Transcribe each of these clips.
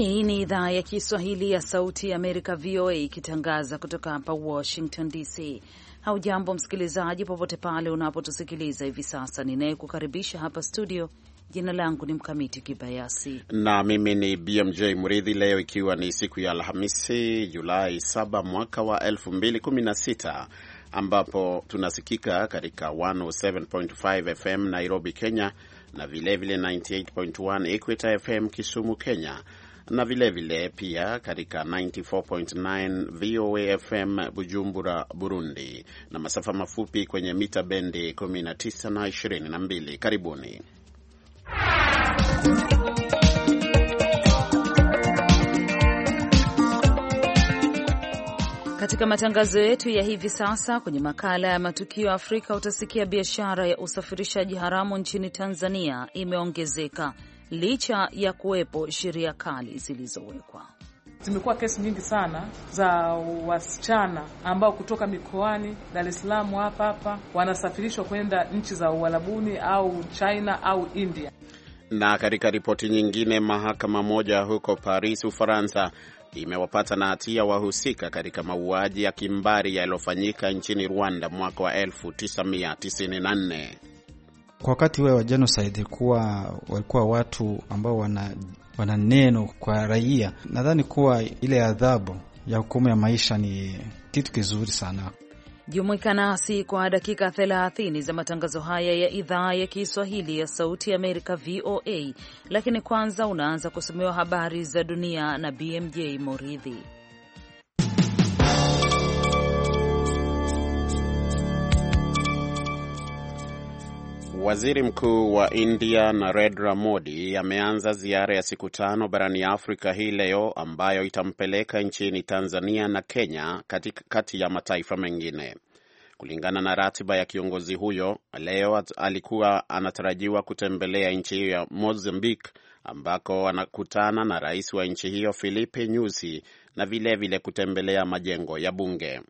Hii ni idhaa ya Kiswahili ya Sauti ya Amerika, VOA, ikitangaza kutoka hapa Washington DC. Haujambo msikilizaji, popote pale unapotusikiliza hivi sasa. Ninayekukaribisha hapa studio, jina langu ni Mkamiti Kibayasi na mimi ni BMJ Mridhi. Leo ikiwa ni siku ya Alhamisi, Julai 7 mwaka wa 2016 ambapo tunasikika katika 107.5 FM Nairobi, Kenya na vilevile 98.1 Equita FM Kisumu, Kenya na vilevile vile pia katika 94.9 VOA FM Bujumbura, Burundi, na masafa mafupi kwenye mita bendi 19 na 22. Karibuni. Katika matangazo yetu ya hivi sasa, kwenye makala ya matukio ya Afrika utasikia biashara ya usafirishaji haramu nchini Tanzania imeongezeka licha ya kuwepo sheria kali zilizowekwa. Zimekuwa kesi nyingi sana za wasichana ambao kutoka mikoani Dar es Salaam hapa hapa wanasafirishwa kwenda nchi za Uarabuni au China au India. Na katika ripoti nyingine, mahakama moja huko Paris, Ufaransa imewapata na hatia wahusika katika mauaji ya kimbari yaliyofanyika nchini Rwanda mwaka wa 1994. Kwa wakati huwe wa genocide kuwa walikuwa watu ambao wana, wana neno kwa raia. Nadhani kuwa ile adhabu ya hukumu ya maisha ni kitu kizuri sana. Jumuika nasi kwa dakika 30 za matangazo haya ya idhaa ya Kiswahili ya Sauti ya Amerika, VOA, lakini kwanza unaanza kusomewa habari za dunia na BMJ Moridhi. Waziri Mkuu wa India Narendra Modi ameanza ziara ya siku tano barani Afrika hii leo ambayo itampeleka nchini Tanzania na Kenya kati ya mataifa mengine. Kulingana na ratiba ya kiongozi huyo, leo alikuwa anatarajiwa kutembelea nchi hiyo ya Mozambique ambako anakutana na rais wa nchi hiyo Filipe Nyusi na vilevile vile kutembelea majengo ya bunge.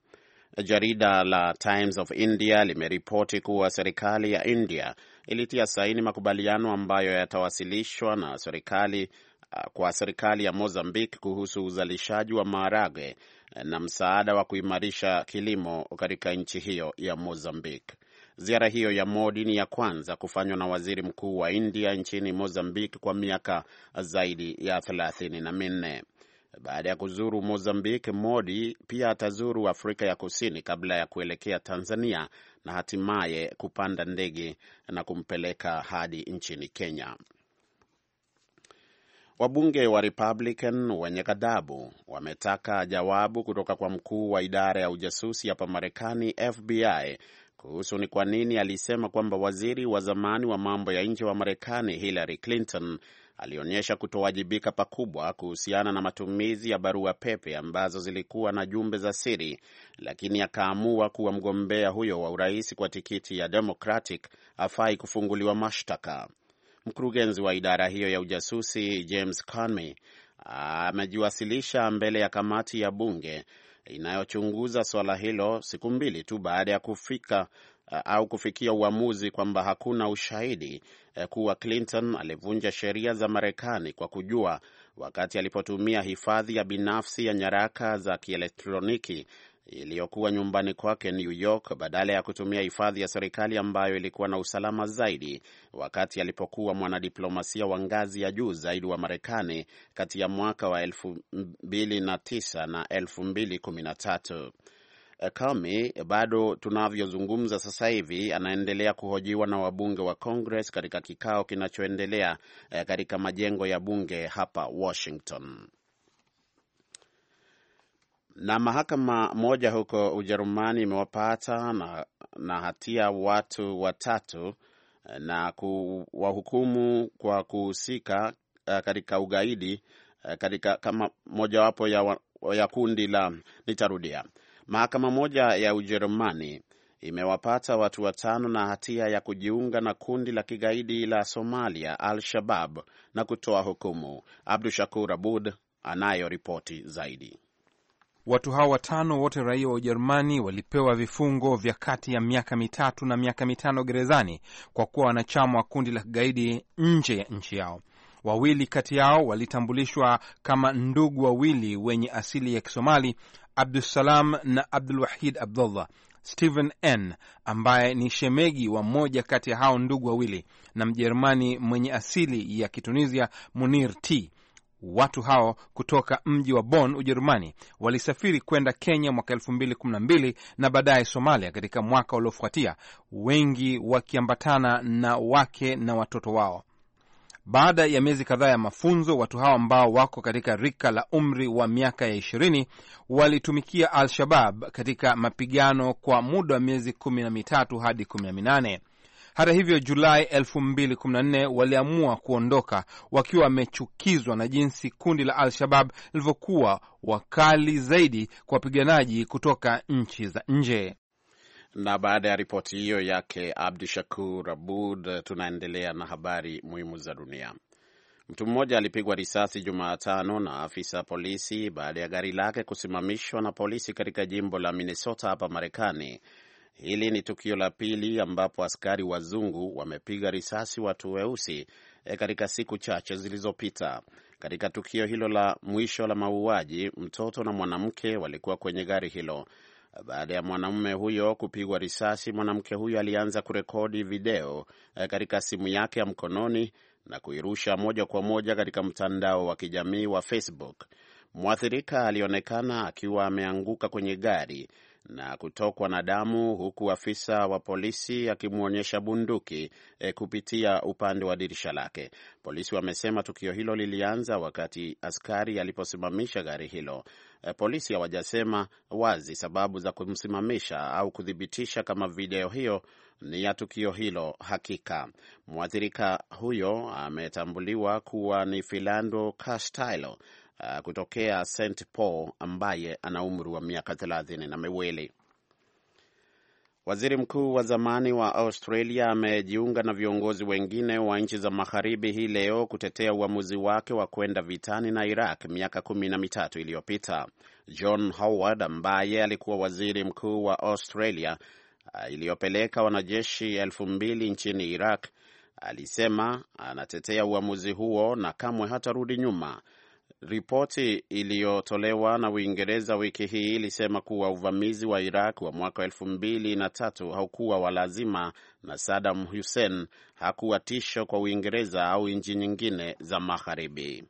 Jarida la Times of India limeripoti kuwa serikali ya India ilitia saini makubaliano ambayo yatawasilishwa na serikali uh, kwa serikali ya Mozambique kuhusu uzalishaji wa maharage na msaada wa kuimarisha kilimo katika nchi hiyo ya Mozambique. Ziara hiyo ya Modi ni ya kwanza kufanywa na waziri mkuu wa India nchini Mozambique kwa miaka zaidi ya thelathini na minne. Baada ya kuzuru Mozambique, Modi pia atazuru Afrika ya Kusini kabla ya kuelekea Tanzania na hatimaye kupanda ndege na kumpeleka hadi nchini Kenya. Wabunge wa Republican wenye ghadhabu wametaka jawabu kutoka kwa mkuu wa idara ya ujasusi hapa Marekani, FBI, kuhusu ni kwa nini alisema kwamba waziri wa zamani wa mambo ya nje wa Marekani Hillary Clinton alionyesha kutowajibika pakubwa kuhusiana na matumizi ya barua pepe ambazo zilikuwa na jumbe za siri, lakini akaamua kuwa mgombea huyo wa urais kwa tikiti ya Democratic hafai kufunguliwa mashtaka. Mkurugenzi wa idara hiyo ya ujasusi James Comey amejiwasilisha mbele ya kamati ya bunge inayochunguza suala hilo siku mbili tu baada ya kufika Eh, au kufikia uamuzi kwamba hakuna ushahidi eh, kuwa Clinton alivunja sheria za Marekani kwa kujua wakati alipotumia hifadhi ya binafsi ya nyaraka za kielektroniki iliyokuwa nyumbani kwake New York badala ya kutumia hifadhi ya serikali ambayo ilikuwa na usalama zaidi wakati alipokuwa mwanadiplomasia wa ngazi ya juu zaidi wa Marekani kati ya mwaka wa 2009 na 2013. Comey bado tunavyozungumza sasa hivi anaendelea kuhojiwa na wabunge wa Congress katika kikao kinachoendelea eh, katika majengo ya bunge hapa Washington. Na mahakama moja huko Ujerumani imewapata na, na hatia watu watatu eh, na kuwahukumu kwa kuhusika eh, katika ugaidi katika kama mojawapo ya, ya kundi la nitarudia Mahakama moja ya Ujerumani imewapata watu watano na hatia ya kujiunga na kundi la kigaidi la Somalia Al Shabab na kutoa hukumu. Abdu Shakur Abud anayo ripoti zaidi. Watu hao watano wote raia wa Ujerumani walipewa vifungo vya kati ya miaka mitatu na miaka mitano gerezani kwa kuwa wanachama wa kundi la kigaidi nje ya nchi yao. Wawili kati yao walitambulishwa kama ndugu wawili wenye asili ya Kisomali Abdusalam na Abdulwahid Abdullah. Stephen N ambaye ni shemegi wa mmoja kati ya hao ndugu wawili na Mjerumani mwenye asili ya Kitunisia Munir T. Watu hao kutoka mji wa Bonn, Ujerumani, walisafiri kwenda Kenya mwaka elfu mbili kumi na mbili na baadaye Somalia katika mwaka uliofuatia, wengi wakiambatana na wake na watoto wao. Baada ya miezi kadhaa ya mafunzo, watu hao ambao wako katika rika la umri wa miaka ya ishirini walitumikia Al-Shabab katika mapigano kwa muda wa miezi kumi na mitatu hadi kumi na minane. Hata hivyo, Julai 2014 waliamua kuondoka wakiwa wamechukizwa na jinsi kundi la Al-Shabab lilivyokuwa wakali zaidi kwa wapiganaji kutoka nchi za nje. Na baada ya ripoti hiyo yake Abdu Shakur Abud, tunaendelea na habari muhimu za dunia. Mtu mmoja alipigwa risasi Jumatano na afisa polisi baada ya gari lake kusimamishwa na polisi katika jimbo la Minnesota hapa Marekani. Hili ni tukio la pili ambapo askari wazungu wamepiga risasi watu weusi e katika siku chache zilizopita. Katika tukio hilo la mwisho la mauaji, mtoto na mwanamke walikuwa kwenye gari hilo. Baada ya mwanamume huyo kupigwa risasi, mwanamke huyo alianza kurekodi video eh, katika simu yake ya mkononi na kuirusha moja kwa moja katika mtandao wa kijamii wa Facebook. Mwathirika alionekana akiwa ameanguka kwenye gari na kutokwa na damu, huku afisa wa polisi akimwonyesha bunduki e, kupitia upande wa dirisha lake. Polisi wamesema tukio hilo lilianza wakati askari aliposimamisha gari hilo. E, polisi hawajasema wazi sababu za kumsimamisha au kuthibitisha kama video hiyo ni ya tukio hilo hakika. Mwathirika huyo ametambuliwa kuwa ni Philando Castile uh, kutokea St Paul ambaye ana umri wa miaka thelathini na miwili. Waziri mkuu wa zamani wa Australia amejiunga na viongozi wengine wa nchi za magharibi hii leo kutetea uamuzi wake wa kwenda vitani na Iraq miaka kumi na mitatu iliyopita. John Howard ambaye alikuwa waziri mkuu wa Australia uh, iliyopeleka wanajeshi elfu mbili nchini Iraq alisema anatetea uamuzi huo na kamwe hatarudi nyuma Ripoti iliyotolewa na Uingereza wiki hii ilisema kuwa uvamizi wa Iraq wa mwaka elfu mbili na tatu haukuwa wa lazima na Saddam Hussein hakuwa tisho kwa Uingereza au nchi nyingine za Magharibi.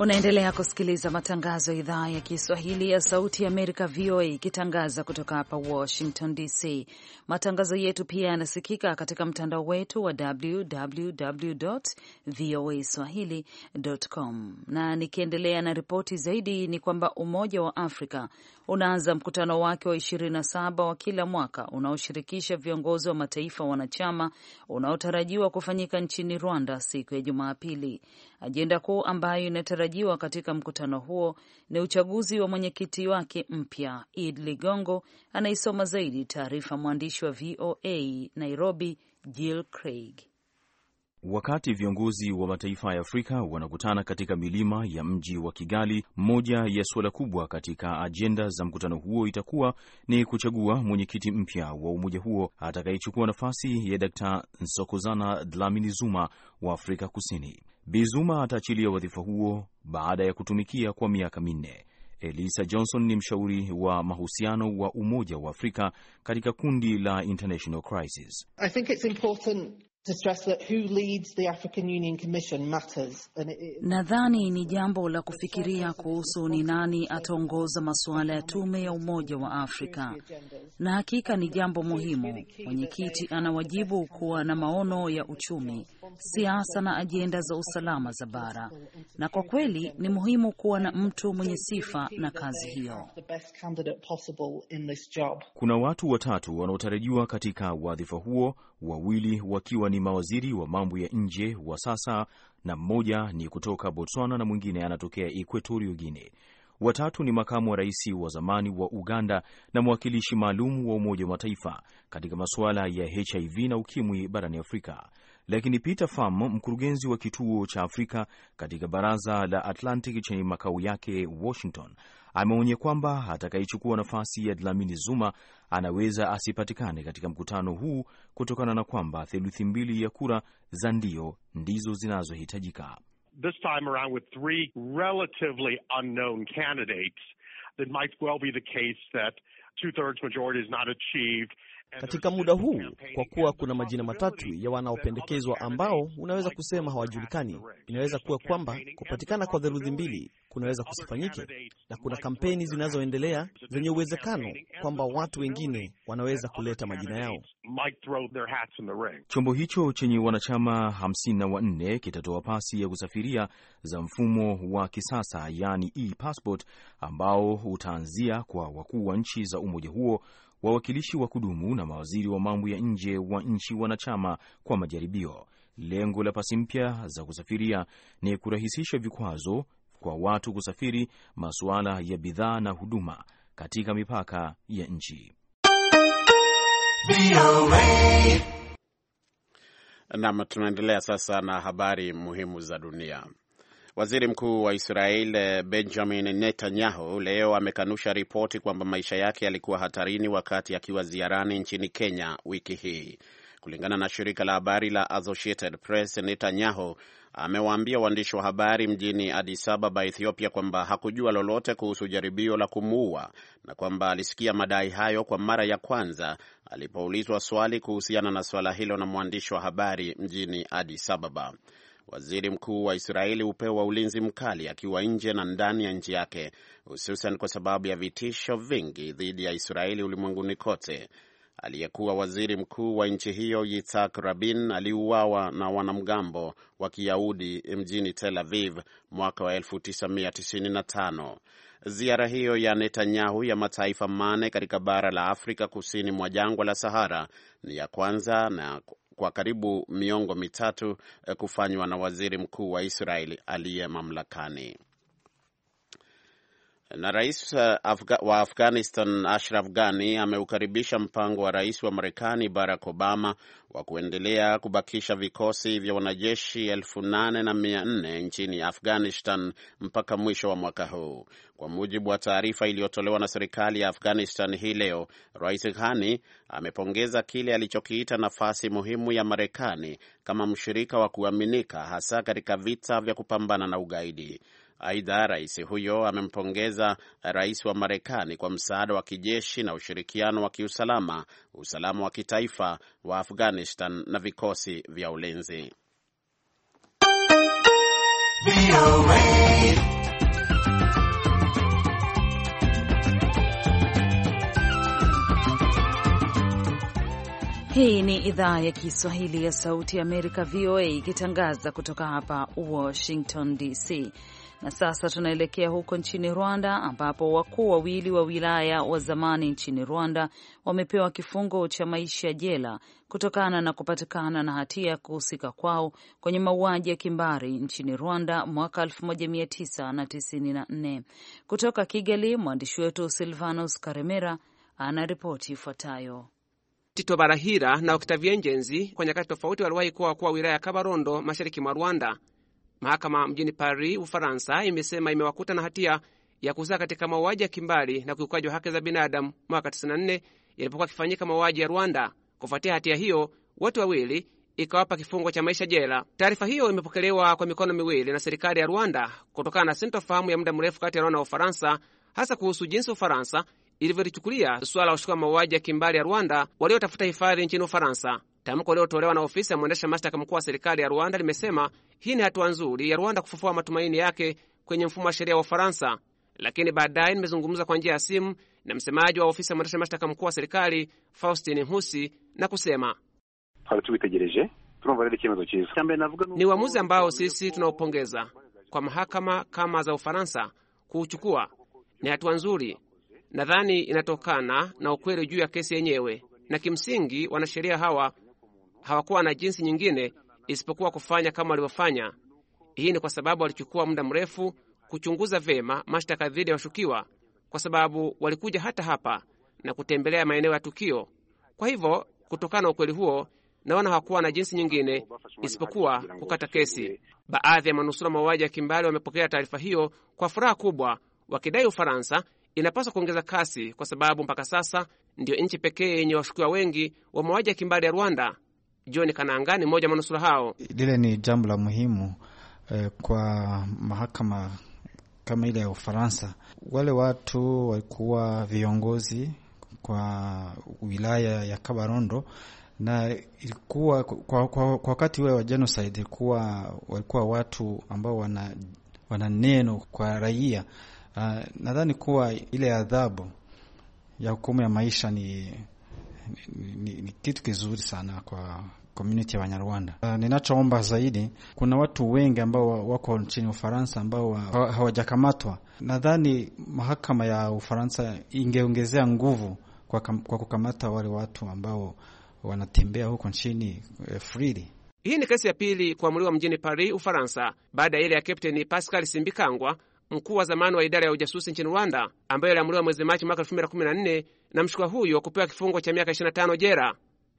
Unaendelea kusikiliza matangazo ya idhaa ya Kiswahili ya Sauti ya Amerika, VOA, ikitangaza kutoka hapa Washington DC. Matangazo yetu pia yanasikika katika mtandao wetu wa www voa swahili.com. Na nikiendelea na ripoti zaidi, ni kwamba Umoja wa Afrika unaanza mkutano wake wa 27 wa kila mwaka unaoshirikisha viongozi wa mataifa wanachama unaotarajiwa kufanyika nchini Rwanda siku ya Jumapili. Ajenda kuu ambayo inatarajiwa katika mkutano huo ni uchaguzi wa mwenyekiti wake mpya. Id Ligongo anaisoma zaidi taarifa mwandishi wa VOA Nairobi, Jill Craig. Wakati viongozi wa mataifa ya Afrika wanakutana katika milima ya mji wa Kigali, moja ya suala kubwa katika ajenda za mkutano huo itakuwa ni kuchagua mwenyekiti mpya wa umoja huo atakayechukua nafasi ya Dkt Nsokozana Dlamini Zuma wa Afrika Kusini. Bi Zuma ataachilia wadhifa huo baada ya kutumikia kwa miaka minne. Elisa Johnson ni mshauri wa mahusiano wa Umoja wa Afrika katika kundi la International Crisis. I think it's important Nadhani ni jambo la kufikiria kuhusu ni nani ataongoza masuala ya tume ya Umoja wa Afrika, na hakika ni jambo muhimu. Mwenyekiti ana wajibu kuwa na maono ya uchumi, siasa na ajenda za usalama za bara, na kwa kweli ni muhimu kuwa na mtu mwenye sifa na kazi hiyo. Kuna watu watatu wanaotarajiwa katika wadhifa huo, wawili wakiwa ni mawaziri wa mambo ya nje wa sasa, na mmoja ni kutoka Botswana na mwingine anatokea Equatorio Guinea. Watatu ni makamu wa rais wa zamani wa Uganda na mwakilishi maalum wa Umoja wa Mataifa katika masuala ya HIV na ukimwi barani Afrika. Lakini Peter Pham, mkurugenzi wa kituo cha Afrika katika baraza la Atlantic chenye makao yake Washington, ameonya kwamba atakayechukua nafasi ya Dlamini Zuma anaweza asipatikane katika mkutano huu kutokana na kwamba theluthi mbili ya kura za ndio ndizo zinazohitajika. This time around with three relatively unknown candidates, it might well be the case that two-thirds majority is not achieved katika muda huu, kwa kuwa kuna majina matatu ya wanaopendekezwa ambao unaweza kusema hawajulikani. Inaweza kuwa kwamba kupatikana kwa theluthi mbili kunaweza kusifanyike, na kuna kampeni zinazoendelea zenye uwezekano kwamba watu wengine wanaweza kuleta majina yao. Chombo hicho chenye wanachama hamsini na wanne kitatoa pasi ya kusafiria za mfumo wa kisasa, yani e-passport, ambao utaanzia kwa wakuu wa nchi za umoja huo wawakilishi wa kudumu na mawaziri wa mambo ya nje wa nchi wanachama kwa majaribio. Lengo la pasi mpya za kusafiria ni kurahisisha vikwazo kwa watu kusafiri masuala ya bidhaa na huduma katika mipaka ya nchi. Nam, tunaendelea sasa na habari muhimu za dunia. Waziri Mkuu wa Israel eh, Benjamin Netanyahu leo amekanusha ripoti kwamba maisha yake yalikuwa hatarini wakati akiwa ziarani nchini Kenya wiki hii. Kulingana na shirika la habari la Associated Press, Netanyahu amewaambia waandishi wa habari mjini Addis Ababa, Ethiopia, kwamba hakujua lolote kuhusu jaribio la kumuua na kwamba alisikia madai hayo kwa mara ya kwanza alipoulizwa swali kuhusiana na suala hilo na mwandishi wa habari mjini Addis Ababa. Waziri mkuu wa Israeli hupewa ulinzi mkali akiwa nje na ndani ya nchi yake, hususan kwa sababu ya vitisho vingi dhidi ya Israeli ulimwenguni kote. Aliyekuwa waziri mkuu wa nchi hiyo Yitzhak Rabin aliuawa na wanamgambo wa Kiyahudi mjini Tel Aviv mwaka wa 1995. Ziara hiyo ya Netanyahu ya mataifa mane katika bara la Afrika kusini mwa jangwa la Sahara ni ya kwanza na kwa karibu miongo mitatu eh, kufanywa na waziri mkuu wa Israeli aliye mamlakani. Na rais uh, Afga wa Afghanistan Ashraf Ghani ameukaribisha mpango wa rais wa Marekani Barack Obama wa kuendelea kubakisha vikosi vya wanajeshi elfu nane na mia nne nchini Afghanistan mpaka mwisho wa mwaka huu. Kwa mujibu wa taarifa iliyotolewa na serikali ya Afghanistan hii leo, Rais Ghani amepongeza kile alichokiita nafasi muhimu ya Marekani kama mshirika wa kuaminika hasa katika vita vya kupambana na ugaidi. Aidha, rais huyo amempongeza rais wa Marekani kwa msaada wa kijeshi na ushirikiano wa kiusalama, usalama wa kitaifa wa Afghanistan na vikosi vya ulinzi. Hii ni idhaa ya Kiswahili ya Sauti ya Amerika, VOA, ikitangaza kutoka hapa Washington DC. Na sasa tunaelekea huko nchini Rwanda ambapo wakuu wawili wa wilaya wa zamani nchini Rwanda wamepewa kifungo cha maisha jela kutokana na kupatikana na hatia ya kuhusika kwao kwenye mauaji ya kimbari nchini Rwanda mwaka 1994. Kutoka Kigali, mwandishi wetu Silvanus Karemera ana ripoti ifuatayo. Tito Barahira na Octavien Njenzi kwa nyakati tofauti waliwahi kuwa wakuu wa wilaya ya Kabarondo, mashariki mwa Rwanda. Mahakama mjini Paris, Ufaransa, imesema imewakuta na hatia ya kuhusika katika mauaji ya kimbari na ukiukaji wa haki za binadamu mwaka 94 yalipokuwa akifanyika mauaji ya Rwanda. Kufuatia hatia hiyo, watu wawili ikawapa kifungo cha maisha jela. Taarifa hiyo imepokelewa kwa mikono miwili na serikali ya Rwanda kutokana na sintofahamu ya muda mrefu kati ya Rwanda na Ufaransa, hasa kuhusu jinsi Ufaransa ilivyolichukulia suala la washukiwa mauaji ya kimbari ya Rwanda waliotafuta hifadhi nchini Ufaransa. Tamko lililotolewa na ofisi ya mwendesha mashtaka mkuu wa serikali ya Rwanda limesema hii ni hatua nzuri ya Rwanda kufufua matumaini yake kwenye mfumo wa sheria wa Ufaransa. Lakini baadaye nimezungumza kwa njia ya simu na msemaji wa ofisi ya mwendesha mashtaka mkuu wa serikali Faustin Husi na kusema ni uamuzi ambao sisi tunaupongeza kwa mahakama kama za Ufaransa kuuchukua ni hatua nzuri. Nadhani inatokana na ukweli juu ya kesi yenyewe, na kimsingi wanasheria hawa hawakuwa na jinsi nyingine isipokuwa kufanya kama walivyofanya. Hii ni kwa sababu walichukua muda mrefu kuchunguza vyema mashtaka dhidi ya washukiwa, kwa sababu walikuja hata hapa na kutembelea maeneo ya tukio. Kwa hivyo, kutokana na ukweli huo, naona hawakuwa na jinsi nyingine isipokuwa kukata kesi. Baadhi ya manusura mauaji ya kimbali wamepokea taarifa hiyo kwa furaha kubwa, wakidai Ufaransa inapaswa kuongeza kasi, kwa sababu mpaka sasa ndiyo nchi pekee yenye washukiwa wengi wa mauaji ya kimbali ya Rwanda. John Kanangani, mmoja manusura hao. Lile ni jambo la muhimu eh, kwa mahakama kama ile ya Ufaransa. Wale watu walikuwa viongozi kwa wilaya ya Kabarondo na ilikuwa kwa, kwa, kwa wakati ule wa genocide ilikuwa walikuwa watu ambao wana, wana neno kwa raia. Uh, nadhani kuwa ile adhabu ya hukumu ya maisha ni, ni, ni, ni kitu kizuri sana kwa community ya Wanyarwanda. Uh, ah, ninachoomba zaidi, kuna watu wengi ambao wako nchini Ufaransa ambao hawajakamatwa. Nadhani mahakama ya Ufaransa ingeongezea nguvu kwa, kwa kukamata wale watu ambao wanatembea huko nchini eh, freely. Hii ni kesi ya pili kuamuliwa mjini Paris, Ufaransa, baada ya ile ya Kapteni Pascal Simbikangwa, mkuu wa zamani wa idara ya ujasusi nchini Rwanda, ambayo aliamuliwa mwezi Machi mwaka 2014 na mshukiwa huyo kupewa kifungo cha miaka 25 jela.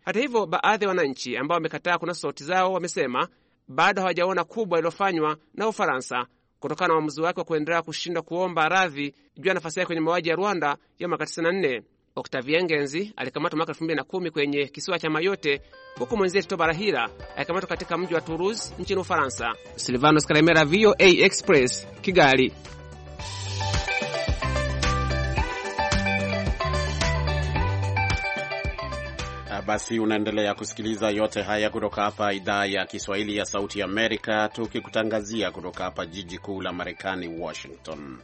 Hata hivyo, baadhi ya wananchi ambao wamekataa kunasa sauti zao wamesema bado hawajaona kubwa iliyofanywa na Ufaransa kutokana na uamuzi wake wa kuendelea kushindwa kuomba radhi juu ya nafasi yake kwenye mauaji ya Rwanda ya mwaka 94. Oktavien Ngenzi alikamatwa mwaka 2010 kwenye kisiwa cha Mayotte, huku mwenzie Tito Barahira alikamatwa katika mji wa Toulouse nchini Ufaransa. Silvanos Karemera, VOA Express, Kigali. Basi unaendelea kusikiliza yote haya kutoka hapa idhaa ya Kiswahili ya Sauti Amerika, tukikutangazia kutoka hapa jiji kuu la Marekani, Washington.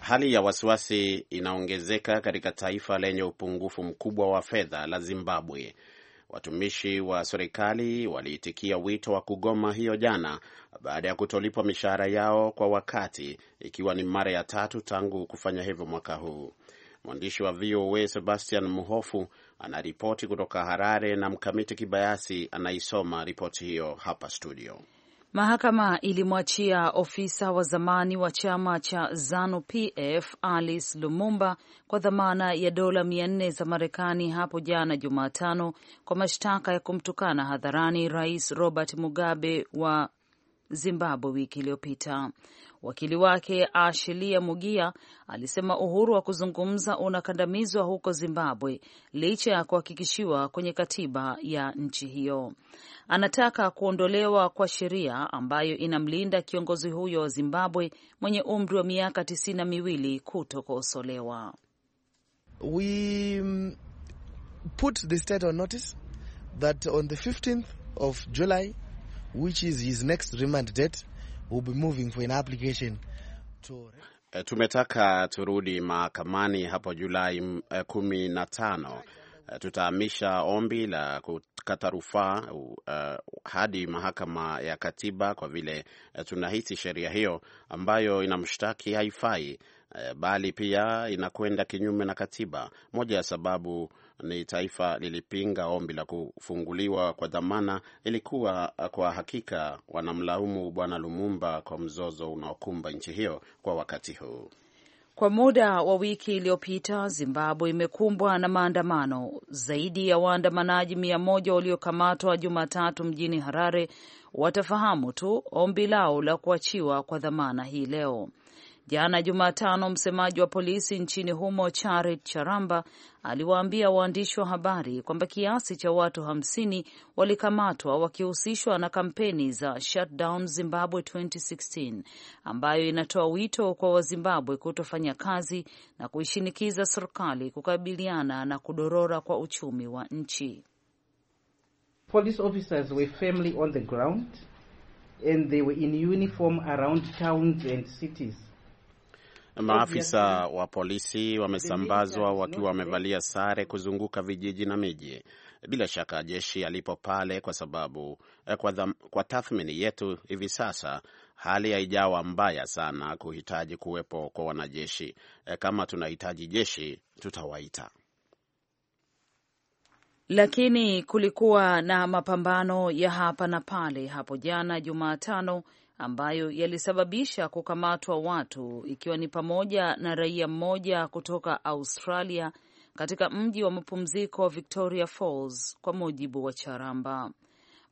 Hali ya wasiwasi inaongezeka katika taifa lenye upungufu mkubwa wa fedha la Zimbabwe. Watumishi wa serikali waliitikia wito wa kugoma hiyo jana baada ya kutolipwa mishahara yao kwa wakati, ikiwa ni mara ya tatu tangu kufanya hivyo mwaka huu. Mwandishi wa VOA Sebastian Muhofu anaripoti kutoka Harare na Mkamiti Kibayasi anaisoma ripoti hiyo hapa studio. Mahakama ilimwachia ofisa wa zamani wa chama cha Zanu PF Alice Lumumba kwa dhamana ya dola mia nne za Marekani hapo jana Jumatano kwa mashtaka ya kumtukana hadharani Rais Robert Mugabe wa Zimbabwe wiki iliyopita. Wakili wake Ashilia Mugia alisema uhuru wa kuzungumza unakandamizwa huko Zimbabwe licha ya kuhakikishiwa kwenye katiba ya nchi hiyo. Anataka kuondolewa kwa sheria ambayo inamlinda kiongozi huyo wa Zimbabwe mwenye umri wa miaka tisini na miwili kutokosolewa. We mm, put the state on notice that on the 15th of July which is his next remand date be moving for an application to... Eh, tumetaka turudi mahakamani hapo Julai mm, eh, kumi na tano. Eh, tutahamisha ombi la kukata rufaa uh, hadi mahakama ya katiba kwa vile tunahisi sheria hiyo ambayo inamshtaki haifai, uh, bali pia inakwenda kinyume na katiba. Moja ya sababu ni taifa lilipinga ombi la kufunguliwa kwa dhamana, ilikuwa kwa hakika wanamlaumu Bwana Lumumba kwa mzozo unaokumba nchi hiyo kwa wakati huu. Kwa muda wa wiki iliyopita Zimbabwe imekumbwa na maandamano. Zaidi ya waandamanaji mia moja waliokamatwa Jumatatu mjini Harare watafahamu tu ombi lao la kuachiwa kwa dhamana hii leo. Jana Jumatano, msemaji wa polisi nchini humo Charit Charamba aliwaambia waandishi wa habari kwamba kiasi cha watu hamsini walikamatwa wakihusishwa na kampeni za Shutdown Zimbabwe 2016 ambayo inatoa wito kwa Wazimbabwe kutofanya kazi na kuishinikiza serikali kukabiliana na kudorora kwa uchumi wa nchi. Police officers were firmly on the ground and they were in uniform around towns and cities. Maafisa wa polisi wamesambazwa wakiwa wamevalia sare kuzunguka vijiji na miji. Bila shaka jeshi alipo pale, kwa sababu eh, kwa, dham, kwa tathmini yetu hivi sasa hali haijawa mbaya sana kuhitaji kuwepo kwa wanajeshi. Eh, kama tunahitaji jeshi, tutawaita. Lakini kulikuwa na mapambano ya hapa na pale hapo jana Jumatano ambayo yalisababisha kukamatwa watu ikiwa ni pamoja na raia mmoja kutoka Australia katika mji wa mapumziko wa Victoria Falls, kwa mujibu wa Charamba.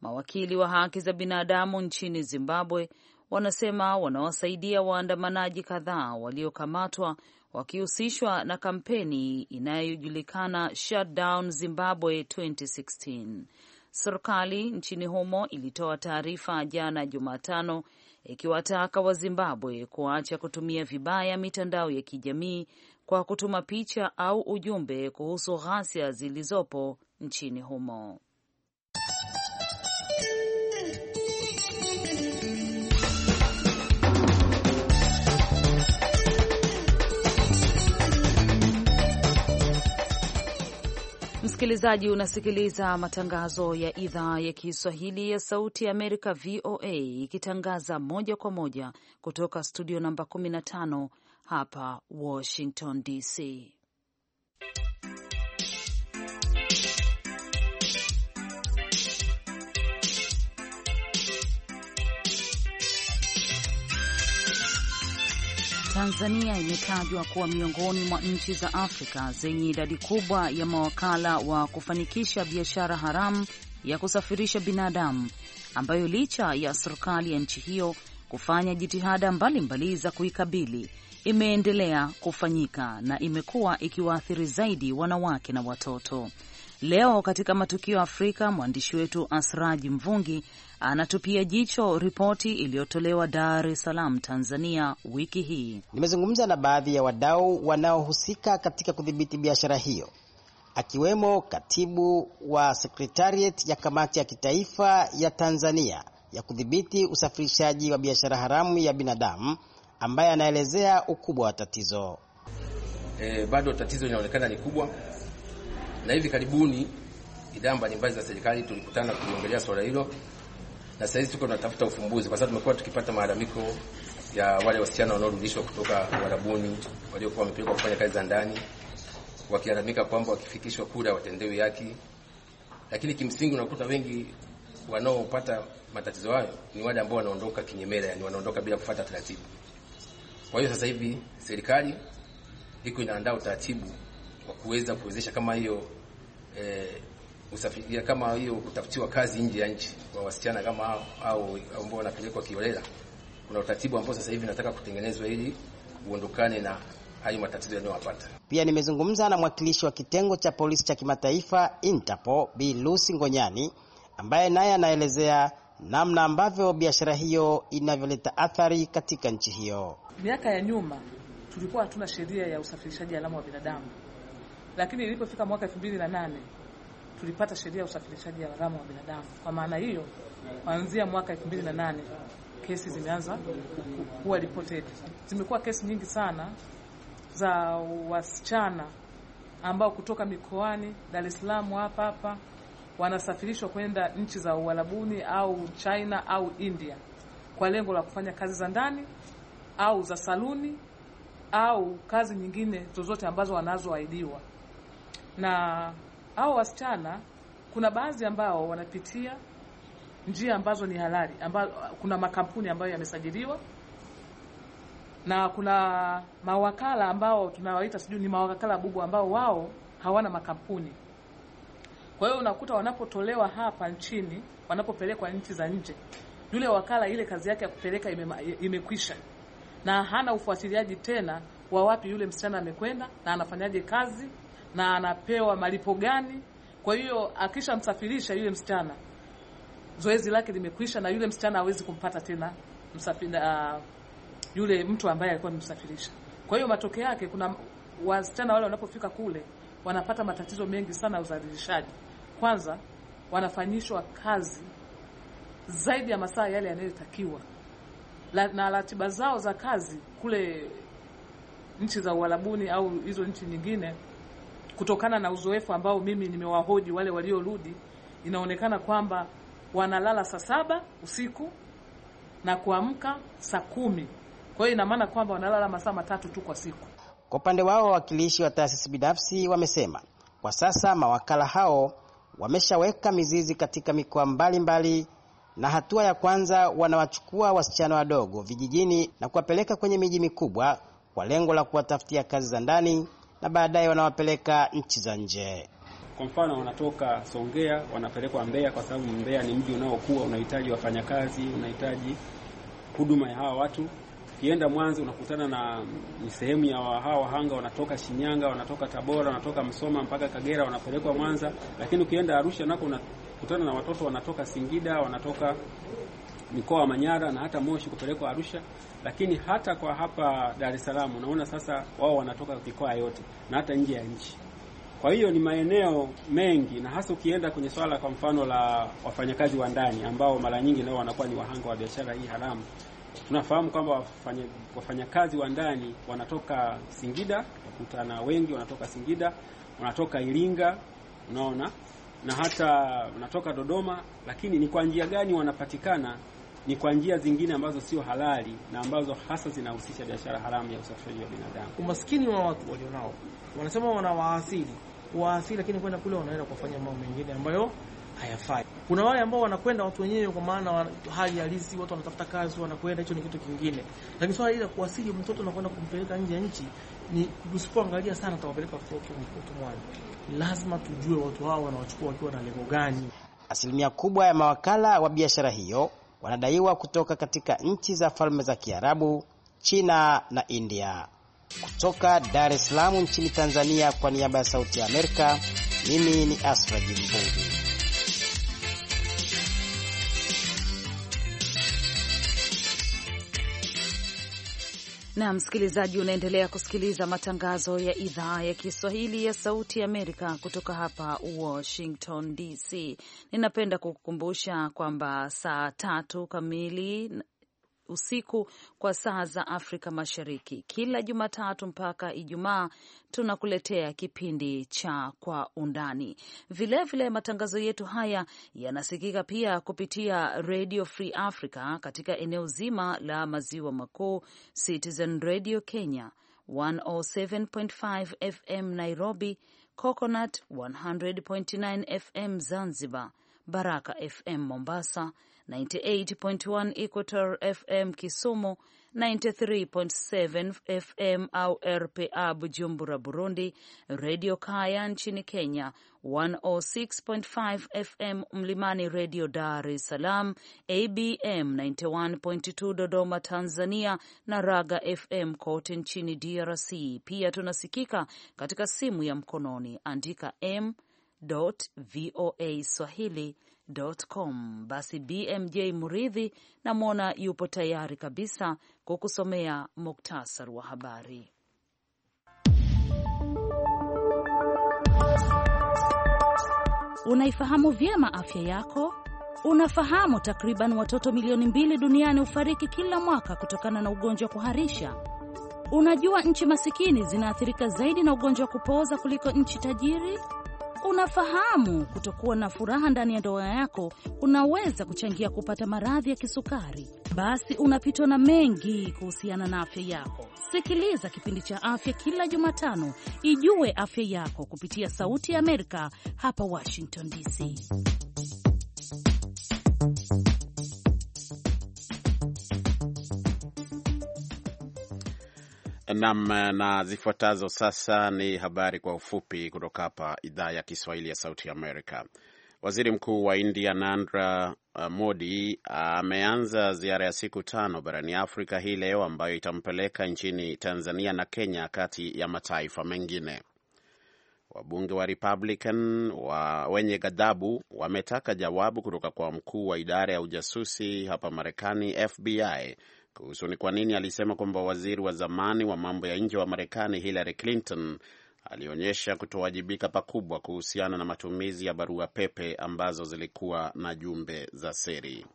Mawakili wa haki za binadamu nchini Zimbabwe wanasema wanawasaidia waandamanaji kadhaa waliokamatwa wakihusishwa na kampeni inayojulikana Shutdown Zimbabwe 2016. Serikali nchini humo ilitoa taarifa jana Jumatano ikiwataka Wazimbabwe kuacha kutumia vibaya mitandao ya kijamii kwa kutuma picha au ujumbe kuhusu ghasia zilizopo nchini humo. Msikilizaji, unasikiliza matangazo ya idhaa ya Kiswahili ya Sauti ya Amerika, VOA, ikitangaza moja kwa moja kutoka studio namba 15 hapa Washington DC. Tanzania imetajwa kuwa miongoni mwa nchi za Afrika zenye idadi kubwa ya mawakala wa kufanikisha biashara haramu ya kusafirisha binadamu, ambayo licha ya serikali ya nchi hiyo kufanya jitihada mbalimbali za kuikabili imeendelea kufanyika na imekuwa ikiwaathiri zaidi wanawake na watoto. Leo katika matukio ya Afrika, mwandishi wetu Asraji Mvungi anatupia jicho ripoti iliyotolewa Dar es Salaam, Tanzania wiki hii. Nimezungumza na baadhi ya wadau wanaohusika katika kudhibiti biashara hiyo akiwemo katibu wa sekretariat ya kamati ya kitaifa ya Tanzania ya kudhibiti usafirishaji wa biashara haramu ya binadamu ambaye anaelezea ukubwa wa tatizo. E, bado tatizo linaonekana ni kubwa, na hivi karibuni idara mbalimbali za serikali tulikutana kuliongelea swala hilo na sasa hizi tuko tunatafuta ufumbuzi, kwa sababu tumekuwa tukipata malalamiko ya wale wasichana wanaorudishwa kutoka warabuni waliokuwa wamepelekwa kufanya kazi za ndani, wakilalamika kwamba wakifikishwa kura watendewi haki, lakini kimsingi unakuta wengi wanaopata matatizo hayo ni wale ambao wanaondoka kinyemela, yani wanaondoka bila kufuata taratibu. Kwa hiyo sasa hivi serikali iko inaandaa utaratibu wa kuweza kuwezesha kama hiyo eh, usafiria kama hiyo, kutafutiwa kazi nje ya nchi kwa wasichana kama hao au ambao wanapelekwa kiolela. Kuna utaratibu ambao sasa hivi nataka kutengenezwa ili uondokane na hayo matatizo yanayowapata. Pia nimezungumza na mwakilishi wa kitengo cha polisi cha kimataifa Interpol, Bi Lucy Ngonyani, ambaye naye anaelezea namna ambavyo biashara hiyo inavyoleta athari katika nchi hiyo. Miaka ya nyuma tulikuwa hatuna sheria ya usafirishaji haramu wa binadamu, lakini ilipofika mwaka elfu mbili na nane tulipata sheria ya usafirishaji haramu wa binadamu. Kwa maana hiyo, kuanzia mwaka 2008 kesi zimeanza kuwa reported. Zimekuwa kesi nyingi sana za wasichana ambao kutoka mikoani Dar es Salaam hapa hapa wanasafirishwa kwenda nchi za Uarabuni au China au India kwa lengo la kufanya kazi za ndani au za saluni au kazi nyingine zozote ambazo wanazoahidiwa. Na au wasichana, kuna baadhi ambao wanapitia njia ambazo ni halali, ambazo kuna makampuni ambayo yamesajiliwa na kuna mawakala ambao tunawaita sijui ni mawakala bubu ambao wao hawana makampuni. Kwa hiyo unakuta wanapotolewa hapa nchini, wanapopelekwa nchi za nje, yule wakala ile kazi yake ya kupeleka imekwisha, na hana ufuatiliaji tena wa wapi yule msichana amekwenda na anafanyaje kazi na anapewa malipo gani. Kwa hiyo akishamsafirisha yule msichana, zoezi lake limekwisha, na yule msichana hawezi kumpata tena msafi, uh, yule mtu ambaye alikuwa amemsafirisha. Kwa hiyo matokeo yake, kuna wasichana wale wanapofika kule wanapata matatizo mengi sana ya udhalilishaji. Kwanza wanafanyishwa kazi zaidi ya masaa yale yanayotakiwa na ratiba zao za kazi kule nchi za Uarabuni au hizo nchi nyingine kutokana na uzoefu ambao mimi nimewahoji wale waliorudi, inaonekana kwamba wanalala saa saba usiku na kuamka saa kumi. Kwa hiyo ina maana kwamba wanalala masaa matatu tu kwa siku. Kwa upande wao wawakilishi wa taasisi binafsi wamesema kwa sasa mawakala hao wameshaweka mizizi katika mikoa mbalimbali, na hatua ya kwanza wanawachukua wasichana wadogo vijijini na kuwapeleka kwenye miji mikubwa kwa lengo la kuwatafutia kazi za ndani na baadaye wanawapeleka nchi za nje. Kwa mfano wanatoka Songea wanapelekwa Mbeya, kwa sababu Mbeya ni mji unaokuwa unahitaji wafanyakazi, unahitaji huduma ya hawa watu. Ukienda Mwanza unakutana na sehemu ya hawa wahanga, wanatoka Shinyanga, wanatoka Tabora, wanatoka Msoma mpaka Kagera, wanapelekwa Mwanza. Lakini ukienda Arusha nako unakutana na watoto wanatoka Singida, wanatoka mikoa wa Manyara na hata Moshi kupelekwa Arusha, lakini hata kwa hapa Dar es Salaam unaona sasa wao wanatoka mikoa yote na hata nje ya nchi. Kwa hiyo ni maeneo mengi, na hasa ukienda kwenye swala kwa mfano la wafanyakazi wa ndani ambao mara nyingi nao wanakuwa ni wahanga wa biashara hii haramu. Tunafahamu kwamba wafanyakazi wa ndani wanatoka Singida, wakutana wengi wanatoka Singida, wanatoka Iringa, unaona na hata wanatoka Dodoma, lakini ni kwa njia gani wanapatikana? ni kwa njia zingine ambazo sio halali na ambazo hasa zinahusisha biashara haramu ya usafirishaji wa binadamu. Umaskini wa watu walionao, wanasema wanawaasili waasili, lakini kwenda kule wanaenda kufanya mambo mengine ambayo hayafai. Kuna wale ambao wanakwenda watu wenyewe, kwa maana hali halisi, watu wanatafuta kazi, wanakwenda. Hicho ni kitu kingine, lakini swala ile kuasili mtoto na kwenda kumpeleka nje ya nchi, ni usipoangalia sana utawapeleka utumwani. Lazima tujue watu hao wanawachukua wakiwa na lengo gani. Asilimia kubwa ya mawakala wa biashara hiyo wanadaiwa kutoka katika nchi za Falme za Kiarabu, China na India. Kutoka Dar es Salaam nchini Tanzania, kwa niaba ya Sauti ya Amerika, mimi ni Asra Jimbungi. na msikilizaji, unaendelea kusikiliza matangazo ya idhaa ya Kiswahili ya Sauti Amerika kutoka hapa Washington DC. Ninapenda kukukumbusha kwamba saa tatu kamili usiku kwa saa za Afrika Mashariki. Kila Jumatatu mpaka Ijumaa tunakuletea kipindi cha Kwa Undani. Vilevile vile matangazo yetu haya yanasikika pia kupitia Radio Free Africa katika eneo zima la maziwa makuu, Citizen Radio Kenya 107.5 FM Nairobi, Coconut 100.9 FM Zanzibar, Baraka FM Mombasa 98.1 Equator FM Kisumu, 93.7 FM au RPA Bujumbura, Burundi, Redio Kaya nchini Kenya, 106.5 FM Mlimani Redio Dar es Salaam, ABM 91.2 Dodoma, Tanzania, na Raga FM kote nchini DRC. Pia tunasikika katika simu ya mkononi, andika m voa swahili com. Basi BMJ Muridhi namwona yupo tayari kabisa kukusomea muktasar wa habari. Unaifahamu vyema afya yako? Unafahamu takriban watoto milioni mbili duniani hufariki kila mwaka kutokana na ugonjwa wa kuharisha? Unajua nchi masikini zinaathirika zaidi na ugonjwa wa kupooza kuliko nchi tajiri? Unafahamu, kutokuwa na furaha ndani ya ndoa yako kunaweza kuchangia kupata maradhi ya kisukari. Basi unapitwa na mengi kuhusiana na afya yako. Sikiliza kipindi cha afya kila Jumatano, ijue afya yako kupitia Sauti ya Amerika hapa Washington DC. Nam na zifuatazo sasa ni habari kwa ufupi kutoka hapa idhaa ya Kiswahili ya Sauti Amerika. Waziri Mkuu wa India Narendra uh, Modi ameanza ziara ya siku tano barani Afrika hii leo ambayo itampeleka nchini Tanzania na Kenya kati ya mataifa mengine. Wabunge wa Republican wa wenye ghadhabu wametaka jawabu kutoka kwa mkuu wa idara ya ujasusi hapa Marekani FBI kuhusu ni kwa nini alisema kwamba waziri wa zamani wa mambo ya nje wa Marekani Hillary Clinton alionyesha kutowajibika pakubwa kuhusiana na matumizi ya barua pepe ambazo zilikuwa na jumbe za siri.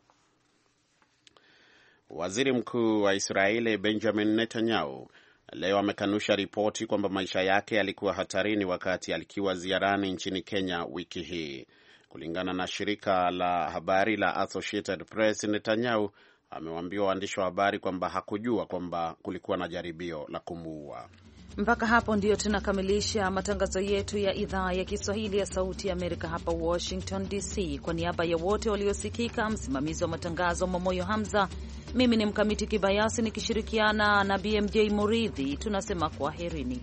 Waziri mkuu wa Israeli Benjamin Netanyahu leo amekanusha ripoti kwamba maisha yake yalikuwa hatarini wakati alikuwa ziarani nchini Kenya wiki hii. Kulingana na shirika la habari la Associated Press, Netanyahu amewaambia waandishi wa habari kwamba hakujua kwamba kulikuwa na jaribio la kumuua. Mpaka hapo ndio tunakamilisha matangazo yetu ya idhaa ya Kiswahili ya Sauti ya Amerika hapa Washington DC. Kwa niaba ya wote waliosikika, msimamizi wa matangazo Mamoyo Hamza, mimi ni Mkamiti Kibayasi nikishirikiana na BMJ Muridhi, tunasema kwaherini.